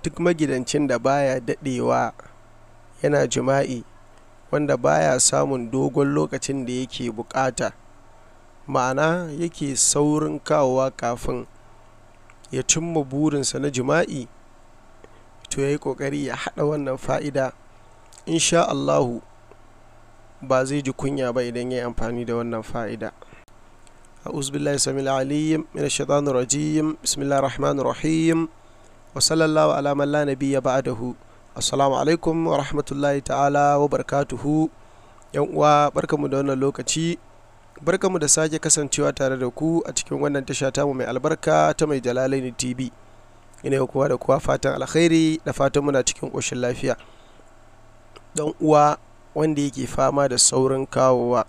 duk magidancin da baya dadewa yana jima'i wanda baya samun dogon lokacin da yake bukata ma'ana yake saurin kawowa kafin ya cimma burinsa na jima'i to ya yi kokari ya hada wannan fa'ida insha Allahu ba zai ji kunya ba idan ya yi amfani da wannan fa'ida a uzbillahi السميع العليم من الشيطان الرجيم بسم wa sallallahu ala ya ba da hu assalamu alaikum wa rahmatullahi ta'ala wa barakatuhu yan uwa barkamu da wannan lokaci barkamu da sake kasancewa tare da ku a cikin wannan tasha ta mu mai albarka ta mai jalalaini tv ina kowa da kowa fatan alkhairi da fatan muna cikin koshin lafiya dan uwa wanda yake fama da saurin kawowa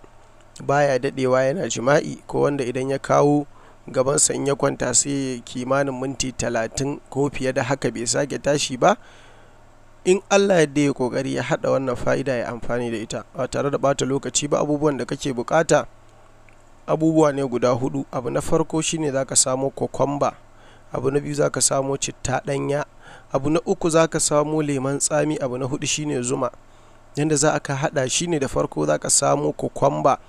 baya dadewa yana jima'i ko wanda idan ya kawo gaban in ya kwanta sai kimanin minti talatin ko fiye da haka bai sake tashi ba in allah yadda ya kokari ya hada wannan fa'ida ya amfani da ita ba tare da bata lokaci ba abubuwan da kake bukata abubuwa ne guda hudu abu na farko shine za ka samo kokomba abu na biyu za ka samo citta ɗanya abu na uku za ka samo leman tsami abu na hudu shine zuma yadda za ka hada shine da farko za ka samo kokomba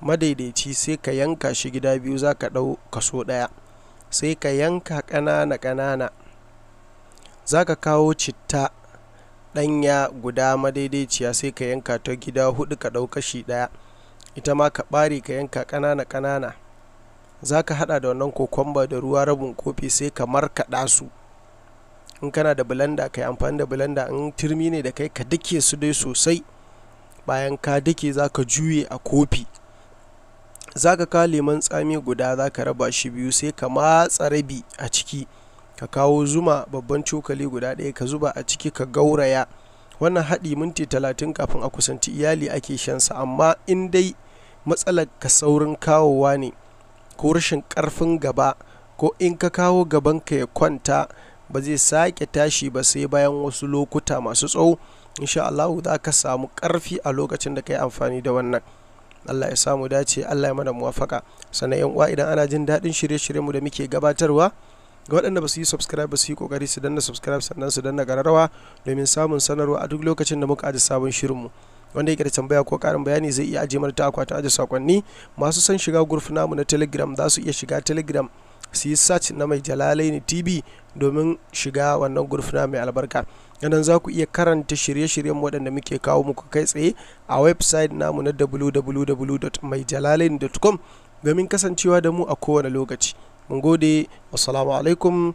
madaidaici sai ka yanka shi gida biyu za ka ɗau kaso ɗaya sai ka yanka ƙanana ƙanana za ka kawo citta ɗanya guda madaidaiciya sai ka yanka ta gida hudu ka ɗau kashi ɗaya ita ma ka ɓare ka yanka ƙanana ƙanana za ka haɗa da wannan kokwamba da ruwa rabin kofi sai ka markaɗa su in kana da blender ka amfani da blender in turmi ne da kai ka dake su dai sosai bayan ka dake za ka juye a kofi za ka kawo lemon tsami guda za ka raba shi biyu sai ka matsa rabi a ciki ka kawo zuma babban cokali guda ɗaya ka zuba a ciki ka gauraya wannan haɗi minti talatin kafin a kusanci iyali ake shansa amma in dai matsalar ka saurin kawowa ne ko rashin karfin gaba ko in ka kawo gaban ka ya kwanta ba zai sake tashi ba sai bayan wasu lokuta masu tsawo insha Allah za ka samu ƙarfi a lokacin da ka yi amfani da wannan Allah ya samu dace Allah ya mana muwafaka sannan yan uwa idan ana jin daɗin shirye-shiryenmu da muke gabatarwa ga waɗanda ba su yi subscribe ba su yi kokari su danna subscribe sannan su danna gararawa domin samun sanarwa a duk lokacin da muka aji sabon mu wanda yake da tambaya ko karin bayani zai iya aje mana ta akwatin aje sakonni masu son shiga gurfi namu na telegram za su iya shiga telegram su yi search na mai jalalaini tv domin shiga wannan gurfuna mai albarka yanan za ku iya karanta shirye-shiryen waɗanda muke kawo muku kai tsaye a website namu na www.maijalalaini.com domin kasancewa da mu a kowane lokaci mun gode assalamu alaikum